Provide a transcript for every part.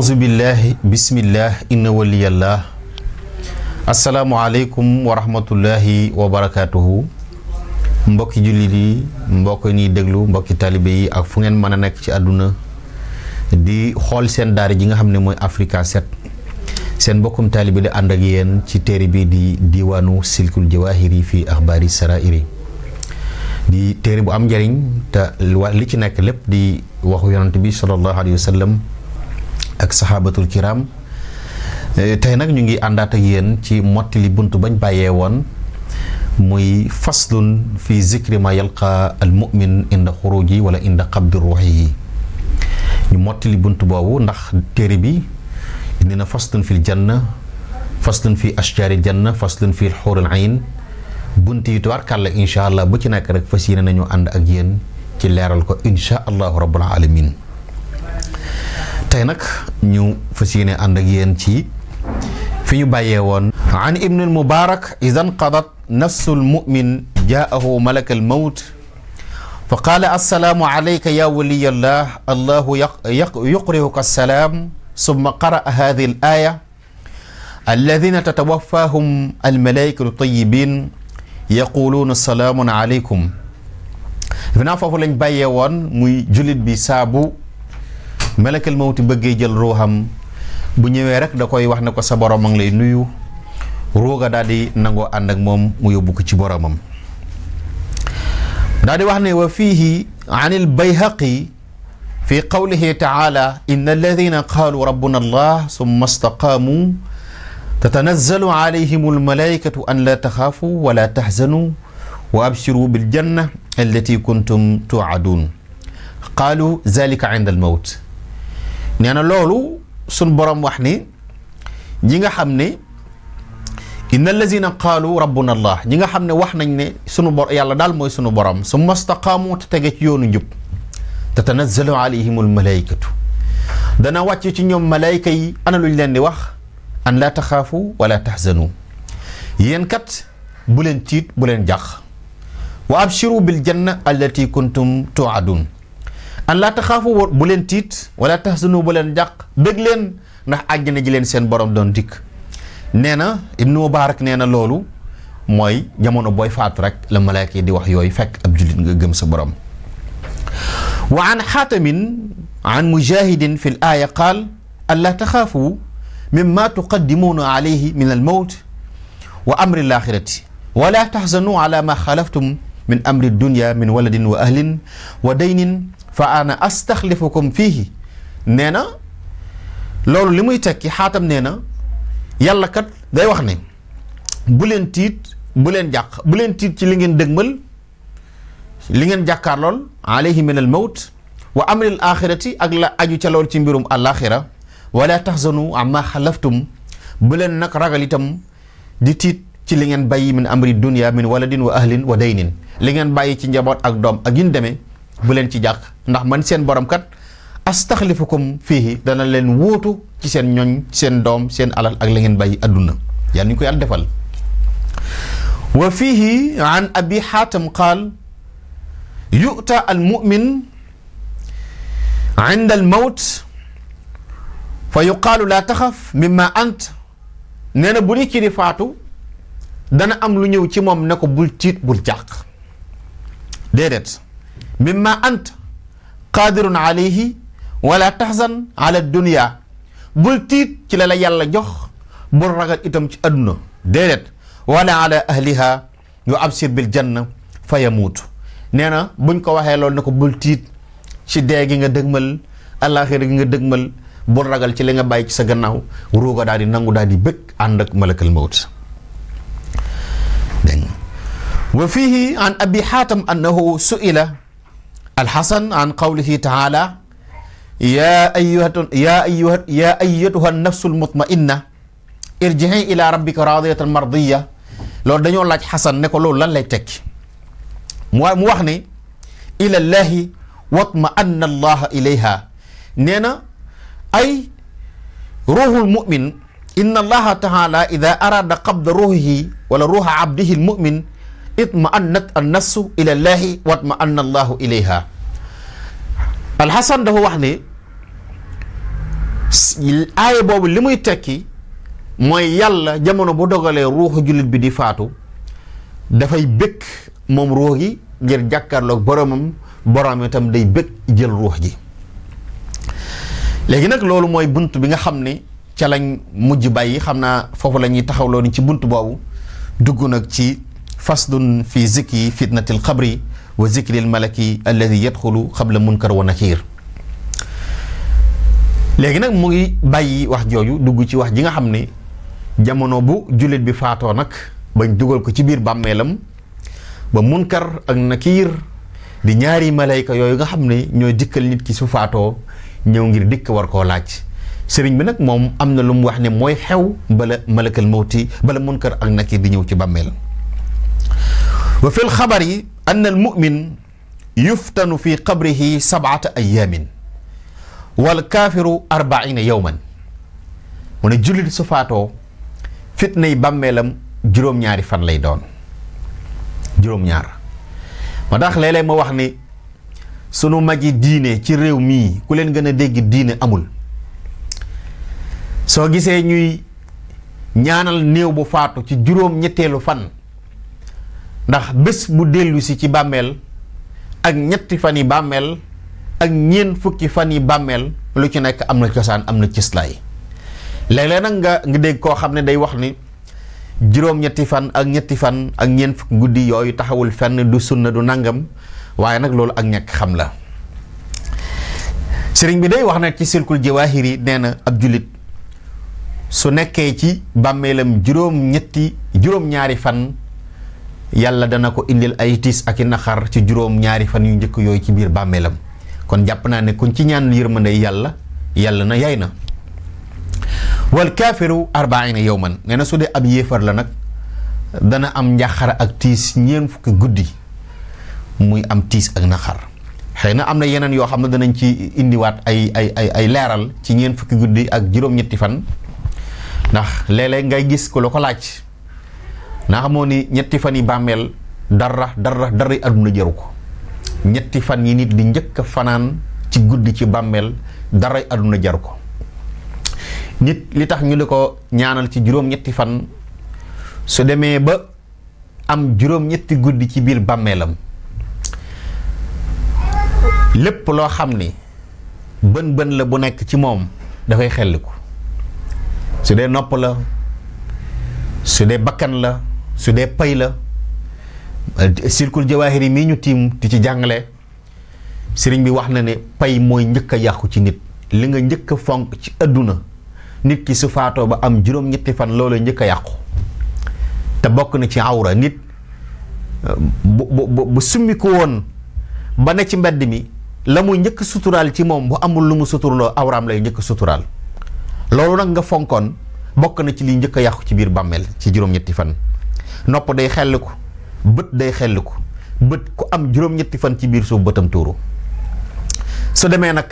auzu billahi bismillah inna waliyallah asalaamualeykum wa rahmatullahi wa mbokki jullit yi mbokk niy déglu mbokki talibe yi ak fu ngeen mën a nekk ci àdduna di xool seen daara ji nga xam ne mooy Africa set seen mbokkum talibe di ànd ak yéen ci téere bi di diwaanu silkul jawahiri fii axbaari sarairi di téere bu am njariñ te li ci nekk lépp di waxu yonante bi sallallahu alayhi wa ak saxaabatul kiram eh, tey nag ñu ngi àndaat ak yéen ci mottali bunt bañ bàyyee woon muy faslun fi zikri ma yalqa al mumin inda xuruji wala inda qabdi ruuxi yi ñu mottali bunt boobu ndax téere bi indi na faslun fil janna faslun fi ashjaari janna faslun fi xuuril ayn bunt yi tubaarkàlla incha allah bu ci nekk rek fas yéene nañu ànd ak yéen ci leeral ko incha allah rabbul alamin tey nag ñu fas yéene ànd ak yéen ci fi ñu bàyyee woon an ibnu al mubarak idan qadat nafsu al mumin jaahu malak al mawt fa qaala assalaamu alayka ya waliyallah allahu yuqri'uka assalaam summa qara'a haadihi al aaya alladina tatawaffaahum almalaikatu tayyibin yaquluuna salaamun alaykum defe naa foofu lañ bàyyee woon muy jullit bi saabu malakal mawti bëggee jël ruuxam bu ñëwee rek da koy wax ne ko sa borom a ngi lay nuyu ruuga daal di nangoo ànd ak moom mu yóbbu ko ci boromam daal di wax ne wa fiihi an il bayhaqi fi qawlihi taala in alladina qaalu rabbuna allah summa istaqaamu tatanazzalu alayhim almalaikatu an la taxaafu wala taxzanu wa abshiru biljanna allati kuntum tuuaduun qaalu zalika inda almawt nee na loolu sun borom wax ni ñi nga xam ne inna allazina qaalu rabbuna allah ñi nga xam ne wax nañ ne sunu bor yàlla daal mooy sunu borom summa staqaamu te tege ci yoonu njub tatanazzalu alayhim almalaykatu dana wàcc ci ñoom malayka yi ana luñ leen di wax an laa taxaafu wala tahzanu yéen kat bu leen tiit bu leen jàq wa abshiru bil janna allati kuntum tuadun an laa taxaafu bu leen tiit wala tahzanu bu leen jàq bëgg leen ndax àjjana ji leen seen borom doon dikk nee na ibnu mubarak nee na loolu mooy jamono booy faatu rek la malaaka yi di wax yooyu fekk ab jullit nga gëm sa borom wa an xaatamin an mujahidin fi l aaya qaal an laa taxaafu mimma tuqaddimuuna alayhi min al mawt wa amri l axirati wala tahzanu ala ma xalaftum min amri dunya min waladin wa ahlin wa daynin fa ana astaxlifukum fiihi nee na loolu li muy tekki xaatam nee na yàlla kat day wax ne bu leen tiit bu leen jàq bu leen tiit ci li ngeen dëgmal li ngeen jàkkaar lool alayhi min al mawt wa amril axirati ak la aju ca lool ci mbirum alaxira wala taxzanu amma xalaftum bu leen nag ragal itam di tiit ci li ngeen bàyyi min amri dunia min waladin wa ahlin wa daynin li ngeen bàyyi ci njaboot ak doom ak yin demee bu leen ci jàq ndax man seen borom kat astaxlifukum fiihi dana leen wóotu ci seen ñoñ seen doom seen alal ak la ngeen bàyyi adduna yàlla ñu ko yàlla defal wa fiihi abi xaatam qaal yu'ta al mu'min inda al mawt fa yuqaalu laa taxaf mimma ant nee na bu ki di faatu dana am lu ñëw ci moom ne ko bul tiit bul jàq déedéet mimma ant qaadirun alayhi wala taxzan ala dunya bul tiit ci la la yàlla jox bul ragal itam ci adduna déedéet wala ala ahliha wa absir bil janna fa yamuutu nee na buñ ko waxee loolu ne ko bul tiit ci dee gi nga dëgmal alaxira gi nga dëgmal bul ragal ci li nga bàyyi ci sa gannaaw ruuga daal di nangu daal di bëgg ànd ak malakal mawt dégg nga wa fihi an abi xaatam annahu suila alxasan an qawlihi taala ya ayyatuha nafsu almutmainna irji'i ila rabbika radiyatan mardiya loolu dañoo laaj xasan ne ko loolu lan lay tekki mu mu wax ne ila llahi watma anna allaha ilayha nee na ay ruuxul mumin inna allaha taala ida arada qabda ruuxihi wala ruuxa abdihi almumin itma'annat ma ila llahi wa atma'anna allahu ilayha alxasan dafa wax ne aaya boobu li muy tekki mooy yàlla jamono bu dogalee ruuxu jullit bi di faatu dafay bëgg moom ruux gi ngir jàkkaarloog boromam borom itam day bëgg jël ruux ji léegi nag loolu mooy bunt bi nga xam ni ca lañ mujj bàyyi xam naa foofu la ñuy taxawloo ni ci bunt boobu dugg nag ci faslun fi zikri fitnati alxabri wa zikri almalaki alladi yadxulu xabla munkar wa nakir léegi nag mu ngi bàyyi wax jooju dugg ci wax ji nga xam ne jamono bu jullit bi faatoo nag bañ dugal ko ci biir bàmmeelam ba munkar ak nakiir di ñaari malayka yooyu nga xam ne ñoo dikkal nit ki su faatoo ñëw ngir dikk war koo laaj sëriñ bi nag moom am na lu mu wax ne mooy xew bala malakal mawti bala munkar ak nakiir di ñëw ci bàmmeelam wa fi lxabari ann almumin yuftanu fi qabrihi sabata ayamin walkaafiru arbaina yowman mu ne jullit su faatoo fitnay bàmmeelam juróom-ñaari fan lay doon juróom-ñaar ma tax léeg-léeg ma wax ni sunu magi diine ci réew mii ku leen gën a dégg diine amul soo gisee ñuy ñaanal néew bu faatu ci juróom ñetteelu fan ndax bés bu dellusi ci bàmmeel ak ñetti fan yi bàmmeel ak ñeen fukki fan yi bàmmeel lu ci nekk am na cosaan am na cëslaay léeg-léeg nag nga dégg koo xam ne day wax ni juróom-ñetti fan ak ñetti fan ak ñeent fukki guddi yooyu taxawul fenn du sunna du nangam waaye nag loolu ak ñekk xam la sëriñ bi day wax na ci silkul jawaahir yi nee na ab jullit su nekkee ci bàmmeelam juróom-ñetti juróom-ñaari fan yàlla dana ko indil ay tiis ak i naxar ci juróom ñaari fan yu njëkk yooyu ci biir bàmmeelam kon jàpp naa ne kuñ ci ñaan yërmande yàlla yàlla na yay na wal kaafiru arbaina yowman nee na su dee ab yéefar la nag dana am njaxar ak tiis ñeen fukki guddi muy am tiis ak naxar xëy na am na yeneen yoo xam ne danañ ci indiwaat ay ay ay ay leeral ci ñeen fukki guddi ak juróom-ñetti fan ndax léeg ngay gis ku la ko laaj naa xamoo ni ñetti fan yi bàmmeel dara dara dara àdduna jaru ko ñetti fan yi nit di njëkk a fanaan ci guddi ci bàmmeel dara àdduna jaru ko nit li tax ñu li ko ñaanal ci juróom-ñetti fan su demee ba am juróom-ñetti guddi ci biir bàmmeelam lépp loo xam ni bën bën la bu nekk ci moom dafay xelliku su dee nopp la su dee bakkan la su dee pay la circul jawaahir yi mii ñu tiim di ci jàngale sëriñ bi wax na ne pay mooy njëkk a yàqu ci nit li nga njëkk a fonk ci àdduna nit ki su faatoo ba am juróom-ñetti fan loola njëkk a yàqu te bokk na ci awra nit woon ba ne mbedd mi la muy njëkk ci moom bu amul lu mu suturloo awraam lay njëkk suturaal loolu nag nga fonkoon bokk na ci liy njëkk yàqu ci biir bàmmeel ci juróom-ñetti fan nopp day xelli ko bët day xelli ko bët ku am juróom-ñetti fan ci biir suuf bëtam tuuru su demee nag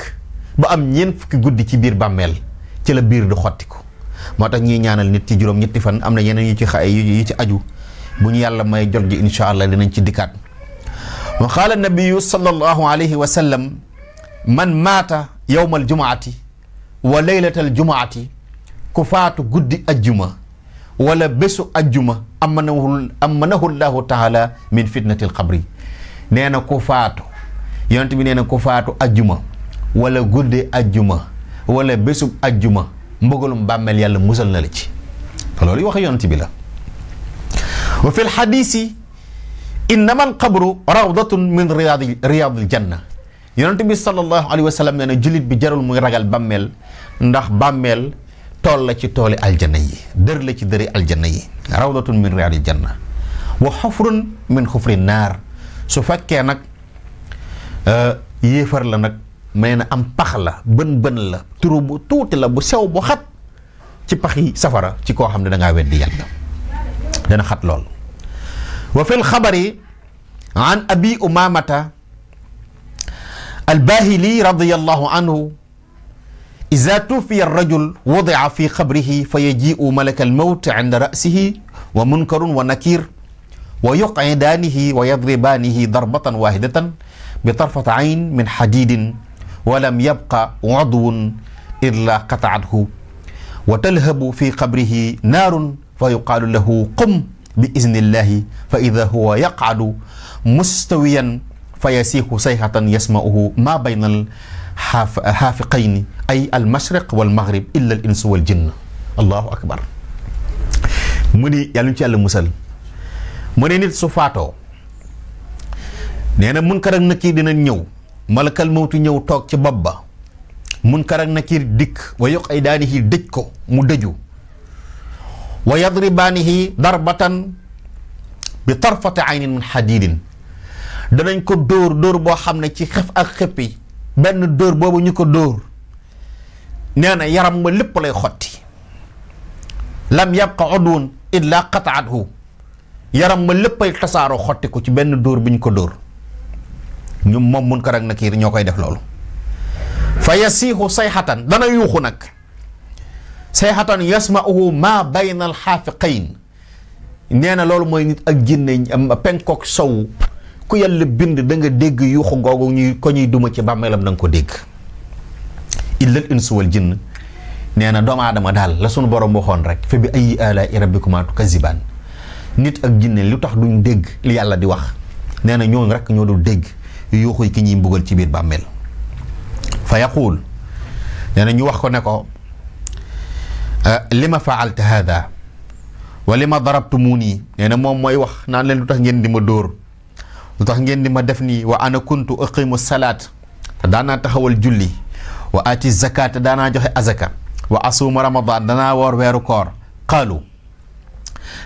ba am ñeent fukki guddi ci biir bàmmeel ci la biir du ko moo tax ñuy ñaanal nit ci juróom-ñetti fan am na yeneen yu ci xay yu ci aju bu ñu yàlla may jot ji incha allah dinañ ci dikkaat wa qaala nabiyu sallallahu alayhi wa sallam man maata yowma aljumaati wa leylata aljumaati ku faatu guddi ajjuma wala bésu ajjuma amanahu amanahu llahu taala min fitnati alxabri nee na ku faatu yonent bi nee na ku faatu ajjuma wala guddi ajjuma wala bésub ajjuma mbugalum bàmmeel yàlla musal na la ci loolu wax yonent bi la wa fi lxadisi innama alqabru rawdatun min riyaadi riyaadil janna yonent bi sallallahu alayhi wa sallam nee na jullit bi jarul muy ragal bàmmeel ndax bàmmeel tool la ci tooli aljana yi dër la ci dëri aljana yi rawdatun min riyaadil janna wa xufrun min xufri naar su fakkee nag eh, yéefar la nag may na am pax la bën bën la turu bu la bu sew bu xat ci pax yi safara ci koo xam ne dangaa weddi yàlla dana xat lool wa fil xabari abi umamata al bahili radiyallahu iza tuufiya rajul wudia fi qabrihi fa yaji'u malaka almawt inda ra'sihi wa munkarun wa nakir wa yuqcidaanihi wa yadribaanihi darbatan waahidatan bi tarfati ayn min xadiidin wa lam yabqa cudwun illa qatacathu wa talhabu fi qabrihi naarun fa yuqaalu lahu qum bi izni illahi fa ida huwa yaqcadu mustawiyan fa yasiixu sayhatan yasma'uhu maa bayna xaaf xaafiqayni ay al mashriq wal maghrib illa al insu wal jinn allahu akbar mu ni yàlla ñu ci yàlla musal mu ne nit su faatoo nee na munkar ak nakiir dinañ ñëw malakal mawtu ñëw toog ci bopp ba munkar ak nakiir dikk wa yoq ay daanihi dëj ko mu dëju wa yadribaanihi darbatan bi tarfati aynin min xadiidin danañ ko dóor dóor boo xam ne ci xef ak xëppi benn dóor boobu ñu ko door nee na yaram ma lépp lay xotti lam yabqa udwun illa qataathu yaram ma léppay tasaaroo xotti ko ci benn dóor bu ñu ko door ñu moom mun ko rek na kii ñoo koy def loolu fa yasiixu sayxatan dana yuuxu nag sayxatan yasmauhu ma bayna alxaafiqayn nee na loolu mooy nit ak jinne penkook sow ku yàlla bind da dégg yuuxu googu ñuy ko ñuy duma ci bàmmeelam da nga ko dégg illal insu wal jinn nee na doomu aadama daal la suñu borom waxoon rek fa bi ay alaa'i rabbikumaa tukazzibaan nit ak jinne lu tax duñ dégg li yàlla di wax nee na ñooñu rek ñoo dul dégg yuuxu ki ñuy mbugal ci biir bàmmeel fa yaquul nee ñu wax ko ne ko ah, li ma faalta haada wa li ma darabtumuuni nee na moom mooy wax naan leen lu tax ngeen di ma dóor lu tax ngeen di ma def nii wa ana kuntu uqimu salaat te daanaa taxawal julli wa aati zakat te daanaa joxe azaka wa asuuma ramadan danaa woor weeru koor qaalu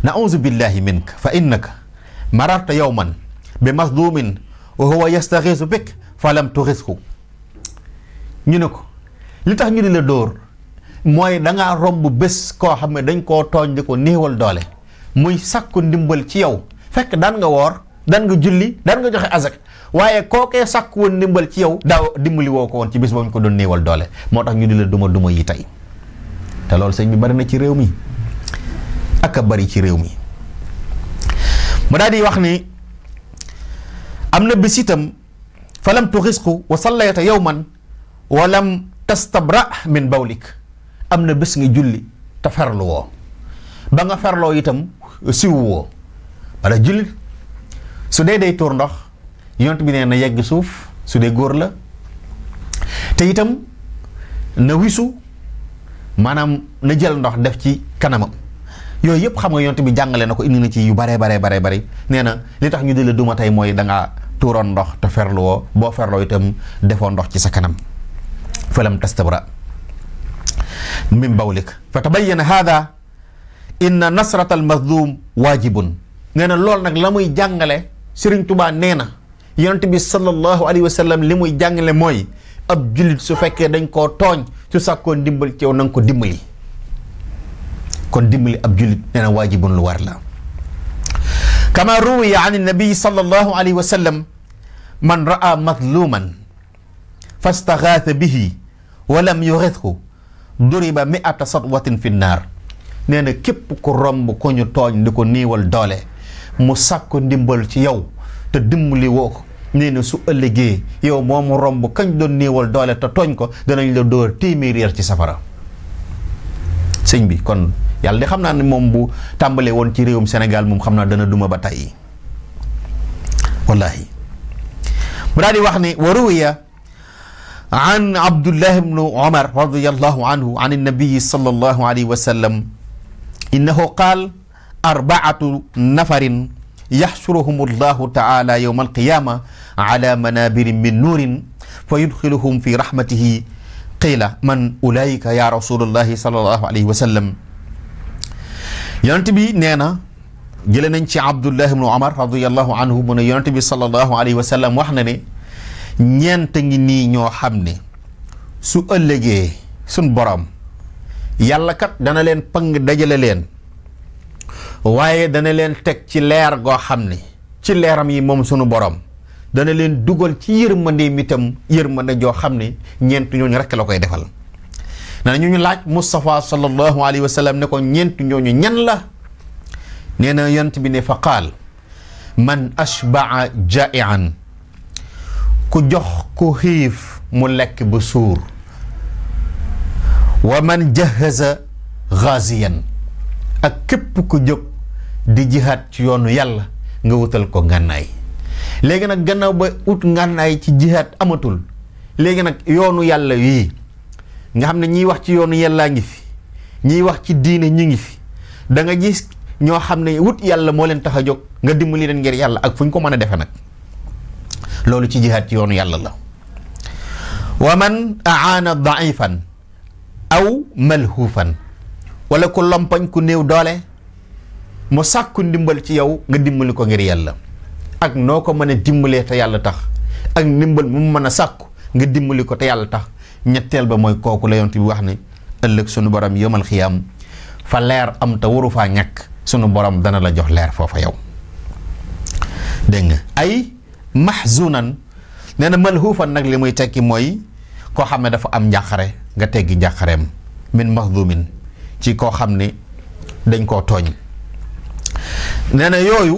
nauzu billahi minka fa innaka mararta yowman bi mazlumin wa huwa yastaxiisu bik fa lam tuxisku ñu ne ko li tax ñu di la door mooy dangaa romb bés koo xam ne dañ koo tooñ di ko néewal doole muy sakku ndimbal ci yow fekk daan nga woor dan nga julli dan nga joxe azak waaye kookee sàkk woon ndimbal ci yow daaw dimbali woo ko woon ci bis boobu ñu ko doon néewal doole moo tax ñu di la duma duma yi tey te loolu sëñ bi bari na ci réew mi ak bari ci réew mi mu daal di wax ni am na bis itam fa lam tuxisqu wa sallayta yawman wa lam tastabra min bawlik am na bés nga julli te ferlu woo ba nga ferloo itam siwu woo su dee day tuur ndox yont bi nee na yegg suuf su dee góor la te itam na wisu maanaam na jël ndox def ci kanamam yooyu yëpp xam nga yont bi jàngale na ko indi na ci yu baree baree baree bari nee na li tax ñu di la duma tey mooy danga ngaa tuuroon ndox te ferluwoo boo ferloo itam defoo ndox ci sa kanam falam tastabra min bawlik fa tabayyana hada inna nasrata al mazlum waajibun nee na loolu nag la muy jàngale Sëriñ Tubaa nee na yonent bi sallallahu alayhi wa sallam li muy jàngale mooy ab julit su fekkee dañ koo tooñ su sàkkoo ndimbal ci yow ko dimbali kon dimbali ab julit nee na waajibun lu war la kama ruwiya an nabi sallallahu alayhi wa sallam man raa madluman fastaxaata bihi wa lam yuxithu duriba miata fi nnaar nee na képp ku romb ku ñu tooñ di ko niiwal doole mu sàkku ndimbal ci yow te dimbali woo ko nee na su ëllëgee yow moom romb kañ doon néewal doole te tooñ ko danañ la dóor téeméeri yar ci safara sëñ bi kon yàlla di xam naa ne moom bu tàmbalee woon ci réewum senegal moom xam naa dana duma ba tay wallahi mu daal wax ne wa ruwiya an abdullah ibnu omar radiallahu anhu an annabiyi sallallahu alayhi wa sallam innahu qaal arbaatu nafarin yaxsuruhum allahu taala yowma alqiyama ala manabirin min nuurin fa yudxiluhum fi rahmatihi qiila man ulaika ya rasulullahi salallahu alayhi wa sallam yonent bi nee na jële nañ ci abdullahi ibnu omar radiallahu anhu mu ne yonent bi salallahu alayhi wa sallam wax na ne ñeent ngi nii ñoo xam ne su ëllëgee suñ borom yàlla kat dana leen pang dajale leen waaye dana leen teg ci leer goo xam ni ci leeram yi moom sunu borom dana leen dugal ci mitam mi itam yërmande joo xam ne ñeent ñooñu rekk la koy defal nee na ñu ñu laaj Moustapha sallallahu alayhi wa sallam ne ko ñeent ñooñu ñan la nee na yont bi ne fa qaal man ashbaa jaian ku jox ku xiif mu lekk ba suur wa man jahaza ghaziyan ak képp ku jóg di jihaat ci yoonu yàlla nga wutal ko ngànnaay léegi nag gannaaw ba ut ngànnaay ci jihaat amatul léegi nag yoonu yàlla yii nga xam ne ñiy wax ci yoonu yàllaa ngi fi ñiy wax ci diine ñi ngi fi danga gis ñoo xam ne wut yàlla moo leen tax a jóg nga dimbali leen ngir yàlla ak fu ñu ko mën a defe nag loolu ci jihaat ci yoonu yàlla la wa man aana daifan aw malhuufan wala ku lompoñ ku néew doole mu sàkku ndimbal ci yow nga dimbali ko ngir yàlla ak noo ko mën a dimbalee te yàlla tax ak ndimbal mu mën a sàkku nga dimbali ko te yàlla tax ñetteel ba mooy kooku la ti bi wax ni ëllëg sunu borom yëmal xiyaam fa leer am te waru faa ñàkk sunu borom dana la jox leer foofa yow dégg nga ay mahzunan nee na malhuufan nag li muy tekki mooy koo xam ne dafa am njàqare nga teggi njàqareem min mahdumin ci koo xam ne dañ koo tooñ neena yooyu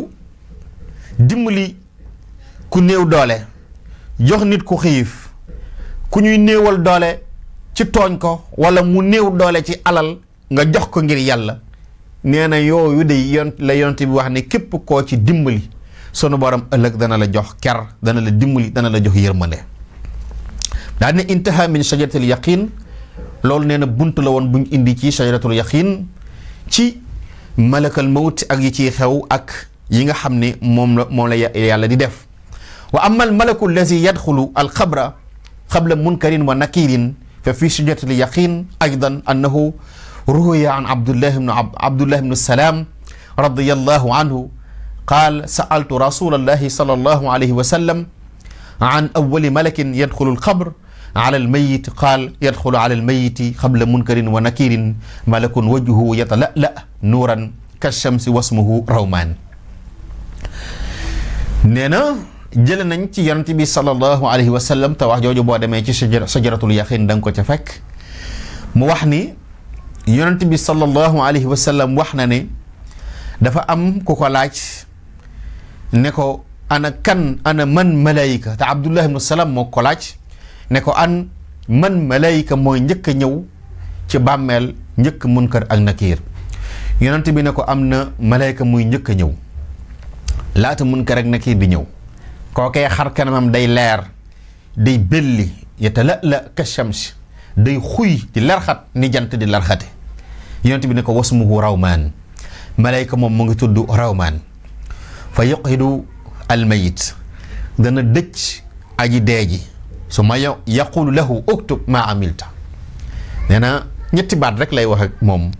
dimbali ku néew doole jox nit ku xiif ku ñuy néewal doole ci tooñ ko wala mu néew doole ci alal nga jox ko ngir yàlla nee na yooyu de yon la yonent bi wax ne képp koo ci dimbali sunu borom ëllëg dana la jox ker dana la dimbali dana la jox yërmande daal ne intaha min shajaratil loolu nee bunt la woon buñ indi ci shajaratul yaqin ci malakal mawt ak yi ciy xew ak yi nga xam ne moom la moom la yàlla di def wa ama al malaku allazi yadxulu al xabra qabla munkarin wa nakirin fa fi sujjatil yaqin aydan annahu ruya an abdullahi bnu abdullahi bnu salaam radiyallahu anhu qaal sa'altu rasulallahi sallallahu alayhi wa sallam an awwali malakin yadxulu al xabr ala almayiti qaal yadxulu ala almayiti xabla munkarin wa nakirin malakun wajhuhu yatalala nuuran kashamsi wasmuhu rawmaan nee na jële nañ ci yonent bi sallallahu alayhi wa sallam te wax jooju boo demee ci sajaratul yaqin da nga ko ca fekk mu wax ni yonent bi sallallahu alayhi wa sallam wax na ne dafa am ku ko laaj ne ko ana kan ana man malaayika te Abdullah ibnu Salam moo ko laaj ne ko an man malayka mooy njëkk a ñëw ci bàmmeel njëkk munkar ak nakiir yonent bi ne ko am na malayka muy njëkk a ñëw laata munkar ak nakiir di ñëw kookee xar kanamam day leer day belli yatala'la ka shams day xuy di larxat ni di larxate yonent bi ne ko wasmuhu rawmaan malayka moom mu ngi tudd rawmaan fa yuqidu almayit dana dëcc aji deeji su ma yaqulu lahu uktub ma amilta nee na ñetti baat rek lay wax ak moom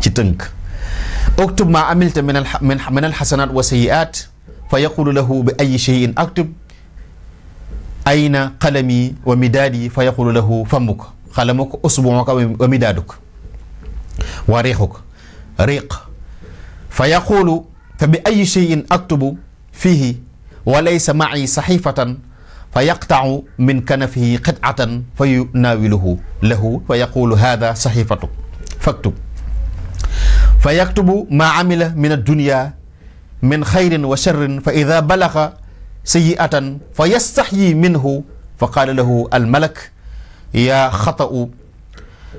ci tënk uktub ma amilta min min alxasanat wa sayiat fa yaqulu lahu bi ayi cheyin aktub ayna qalami wa midaadi fa yaqulu lahu fammuk qalamuk usbuuka wa midaaduk wa riixuk riiq fa yaqulu fa bi ayi cheyin aktubu fihi wa laysa maci saxifatan fa yaqtau min kanafihi qit'atan fa yunaawiluhu lahu fa yaqulu hada saxiifatu faktub fa yaktubu maa amila min addunya min xayrin wa sharrin fa ida balaga sayi'atan fa yastaxyi minhu fa qaala lahu almalak yaa xata'u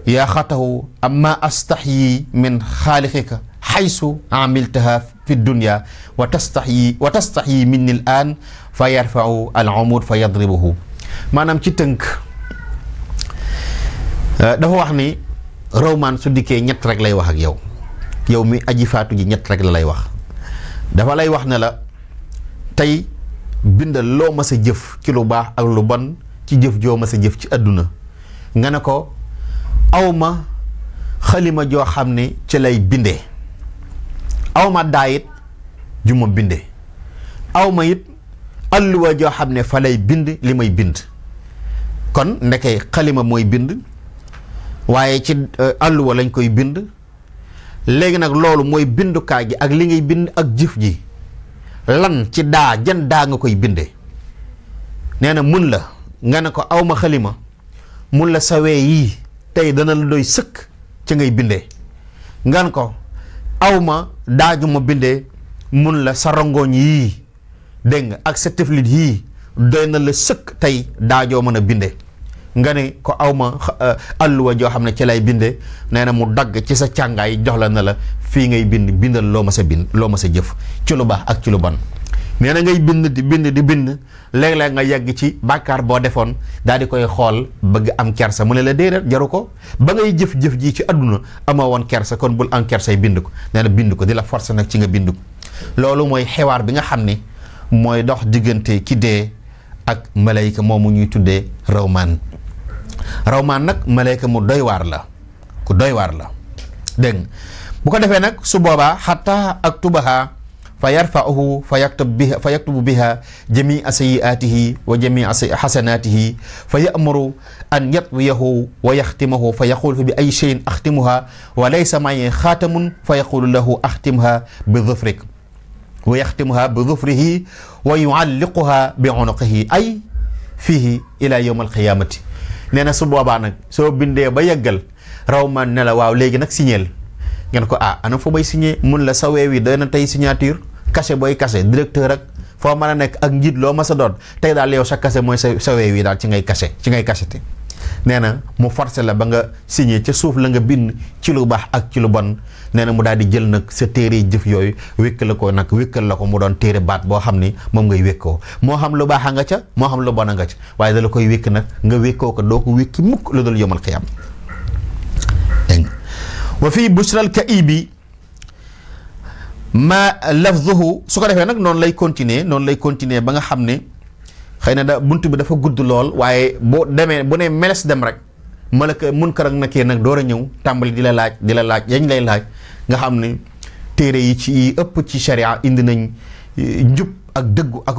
yaa xata'u amma astaxyi min xaaliqika xaysu amiltaha fi ddunya wa tastaxyi wa tastaxyi minni al aan fa yarfau al amud fa yadribuhu maanaam ci tënk euh, dafa wax ni rawmaan su dikkee ñett rek lay wax ak yow yow mi aji faatu ji ñett rek la lay wax dafa lay wax ne la tey bindal loo ma sa jëf ci lu baax ak lu bon ci jëf joo ma sa jëf ci àdduna nga ne ko awma xalima joo xam ne ci lay bindee aw ma daayit ju bindee aw it alluwa joo xam ne fa lay bind li may bind kon ndekay xalima mooy bind waaye ci euh, alluwa lañ koy bind léegi nag loolu mooy bindukaay gi ak li ngay bind ak jif ji lan ci daa jan daa nga koy binde nee na mun la nga ne ko awma xalima mun la sawee yii tey dana la doy sëkk ci ngay bindee ngan ko awma daaju ma bindee mun la sa rongoñ yii dégg nga ak sa teflit yii doy na la sëkk tey daajoo mën a binde nga ne ko awma ma euh, alluwa joo xam ne ci lay binde nee na mu dagg ci sa càngaay jox la na la fii ngay bind bindal loo ma sa bind loo ma sa jëf ci lu baax ak ci lu bon nee ngay bind di bind di bind léeg nga yegg ci bàkkaar boo defoon daal di koy xool bëgg am kersa mu ne la déedéet jaru ko ba ngay jëf-jëf jii ci àdduna amoo woon kersa kon bul am kersay bind ko nee bind ko di la force nag ci nga bind ko loolu mooy xewaar bi nga xam ne mooy dox diggante ki dee ak malayka moomu ñuy tuddee rawmaan rawmaan nag malayka mu doy waar la ku doy waar la dégg bu ko defee nag su boobaa xataa ak tubaha fa yarfauhu fa yaktub biha fa yaktubu biha jamia sayiatihi wa jamia xasanaatihi fa yamuru an yatwiyahu wa yaxtimahu fa yaqulu bi ay cheyin axtimuha wa laysa maye xaatamun fa yaqulu lahu axtimha bi dhufrik wa yaxtimuha bi dufrihi wa yualliquha bi unuqihi ay fiihi ila yowm alqiyamati nee na su boobaa nag soo bindee ba yeggal raw ma ne la waaw léegi nag signeel ngeen ko ah ana fa bay signé mun la sawee wi yi na tey signature kase booy kase directeur ak foo mën a nekk ak njiit loo ma sa doon tey daal yow sa kase mooy sa sa wi yi daal ci ngay kase ci ngay cacheté nee na mu forcé la ba nga signé ca suuf la nga bind ci lu baax ak ci lu bon nee na mu daal di jël nag sa téere jëf yooyu wékk la ko nag wékkal la ko mu doon téere baat boo xam ni moom ngay wékkoo moo xam lu baax a nga ca moo xam lu bon a nga ca waaye dala koy wékk nag nga wékkoo ko doo ko wékki mukk lu dul yomal xiyam wa fii ka kaibi ma lafzuhu su ko defee nag noonu lay continuer noonu lay continuer ba nga xam ne xëy na da bunt bi dafa gudd lool waaye boo demee bu ne meles dem rek malaka munkar ak nakee nag door a ñëw tàmbali di la laaj di la laaj yañ lay laaj nga xam ne téere yi ci ëpp ci sharia indi nañ e, njub ak dëggu ak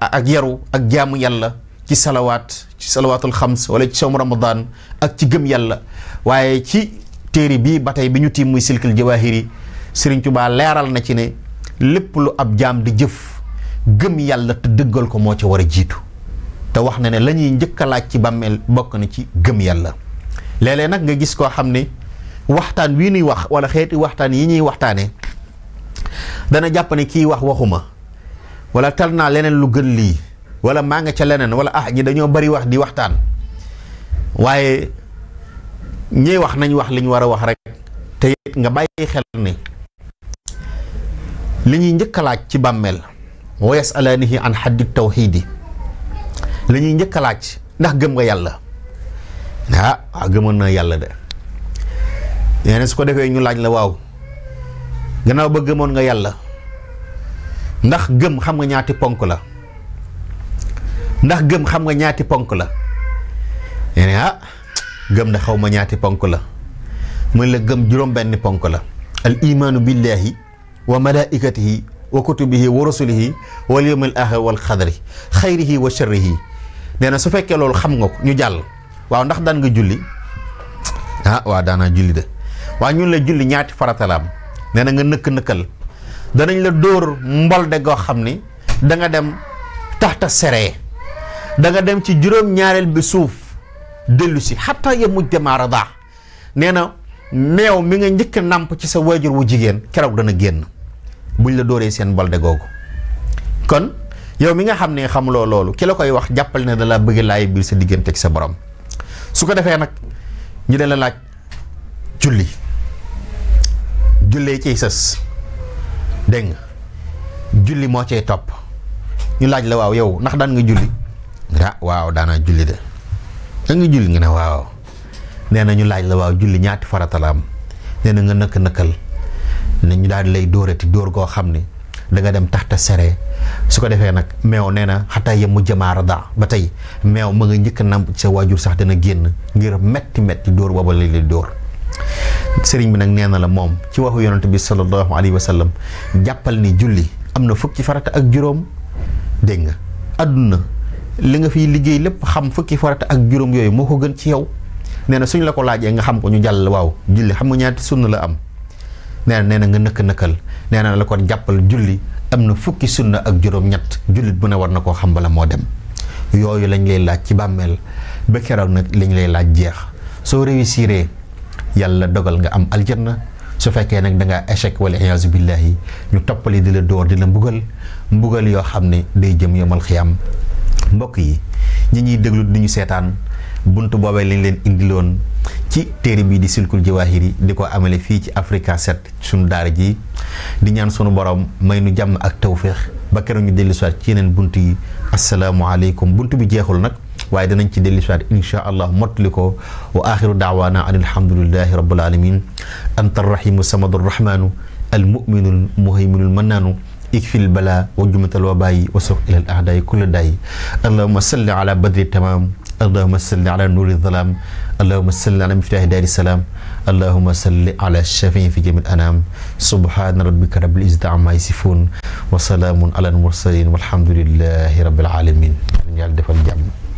ak yaru ak jaamu yàlla ci salawaat ci salawaatul xams wala ci sawm ramadan ak ci gëm yàlla waaye ci téere bii ba tey bi ñu tiim muy silkil jawahiri Sëriñ Tuubaa leeral na ci ne lépp lu ab jaam di jëf gëm yàlla te dëggal ko moo ci war a jiitu te wax na ne la ñuy njëkk a laaj ci bàmmeel bokk na ci gëm yàlla léeg nag nga gis koo xam ne waxtaan wi nuy wax wala xeeti waxtaan yi ñuy waxtaanee dana jàpp ne kii wax waxuma wala tal naa leneen lu gën lii wala maa nga ca leneen wala ah dañoo bari wax di waxtaan waaye ñiy wax nañ wax li ñu war a wax rek te nga bàyyi xel ne li ñuy njëkk laaj ci bàmmeel wa yasalaanihi an xaddi tawxiidi la ñuy njëkk a laaj ndax gëm nga yàlla ah waaw gëmoon na yàlla de nee ne su ko defee ñu laaj la waaw gannaaw ba gëmoon nga yàlla ndax gëm xam nga ñaati ponk la ndax gëm xam nga ñaati ponk la nee ah, na xaw ma ñaati ponk la mu la gëm juróom benn ponk la al imaanu billahi wa malaikatihi wa kutubihi wa rusulihi wal yawmil axir wal xadri xayrihi wa sharrihi na su fekkee loolu xam nga ko ñu jàll waaw ndax daan nga julli ah waaw daanaa julli de ñun la julli ñaati faratalaam nee na nga nëkk nëkkal danañ la dóor mbol de goo xam ni danga dem taxta seree da dem ci juróom-ñaareel bi suuf dellu si xataa ya mujj demaara daax nee na meew mi nga njëkk nàmp ci sa waajur wu jigéen keroog dana génn buñ la dóoree seen balde googu kon yow mi nga xam ne xamuloo loolu ki la koy wax jàppale ne da la bëgg laay biir sa diggante sa borom su ko defee nag ñu ne la laaj julli jullee ciy sës dégg nga julli moo cay topp ñu laaj la waaw yow ndax daan nga julli ah waaw daanaa julli de da nga julli nga ne waaw nee na ñu laaj la waaw julli ñaati farata la am nee na nga nëkk nëkkal ne ñu daal di lay dóorati dóor goo xam ne da dem taxta sere su ko defee nag meew nee na xataa yem mu jëmaara daa ba tey meew ma nga njëkk a nàmp sa waajur sax dana génn ngir metti metti dóor booba lay dóor sëriñ bi nag nee na la moom ci waxu yonante bi sallallahu alayhi wa sallam jàppal ni julli am na fukki farata ak juróom dégg nga adduna li nga fiy liggéey lépp xam fukki farata ak juróom yooyu moo ko gën ci yow nee na suñ la ko laajee nga xam ko ñu jàll waaw julli xam nga ñaati sunna la am nee na nee na nga nëkk nëkkal nee na la kon jàppal julli am na fukki sunna ak juróom-ñett jullit bu ne war na koo xam bala moo dem yooyu lañ lay laaj ci bàmmeel ba keroog nag lañ lay laaj jeex soo réussiree yàlla dogal nga am aljanna su fekkee nag da ngaa échec wala iyaasu billahi ñu toppali di la door di la mbugal mbugal yoo xam ne day jëm yomal xiyam mbokk yi ñi ñuy déglu di seetaan. bunt boobee lañ leen indiloon ci téere bii di silkul jawaahiri di ko amale fii ci Africa 7 sunu daar ji di ñaan sunu borom may nu jàmm ak tawféex ba keroog ñu dellusiwaat ci yeneen bunt yi asalaamualeykum bunt bi jeexul nag waaye danañ ci dellusiwaat insha allah mottali ko wa axiru daawaana an alhamdulilahi rabbil alamin anta arrahimu samadu arrahmanu almuminu almuhayminu almannaanu اكفي البلاء وجمة الوباء وسوق إلى الأعداء كل داء اللهم صل على بدر التمام allahuma salli ala nuuri zalaam allahuma salli ala miftaahi daari salaam allahuma salli ala shafii fi jamil anaam subhaana rabbika rabbil izzati amma yasifuun wa salaamun ala al mursalin walhamdulillahi rabbil alamin yàlla defal jàmm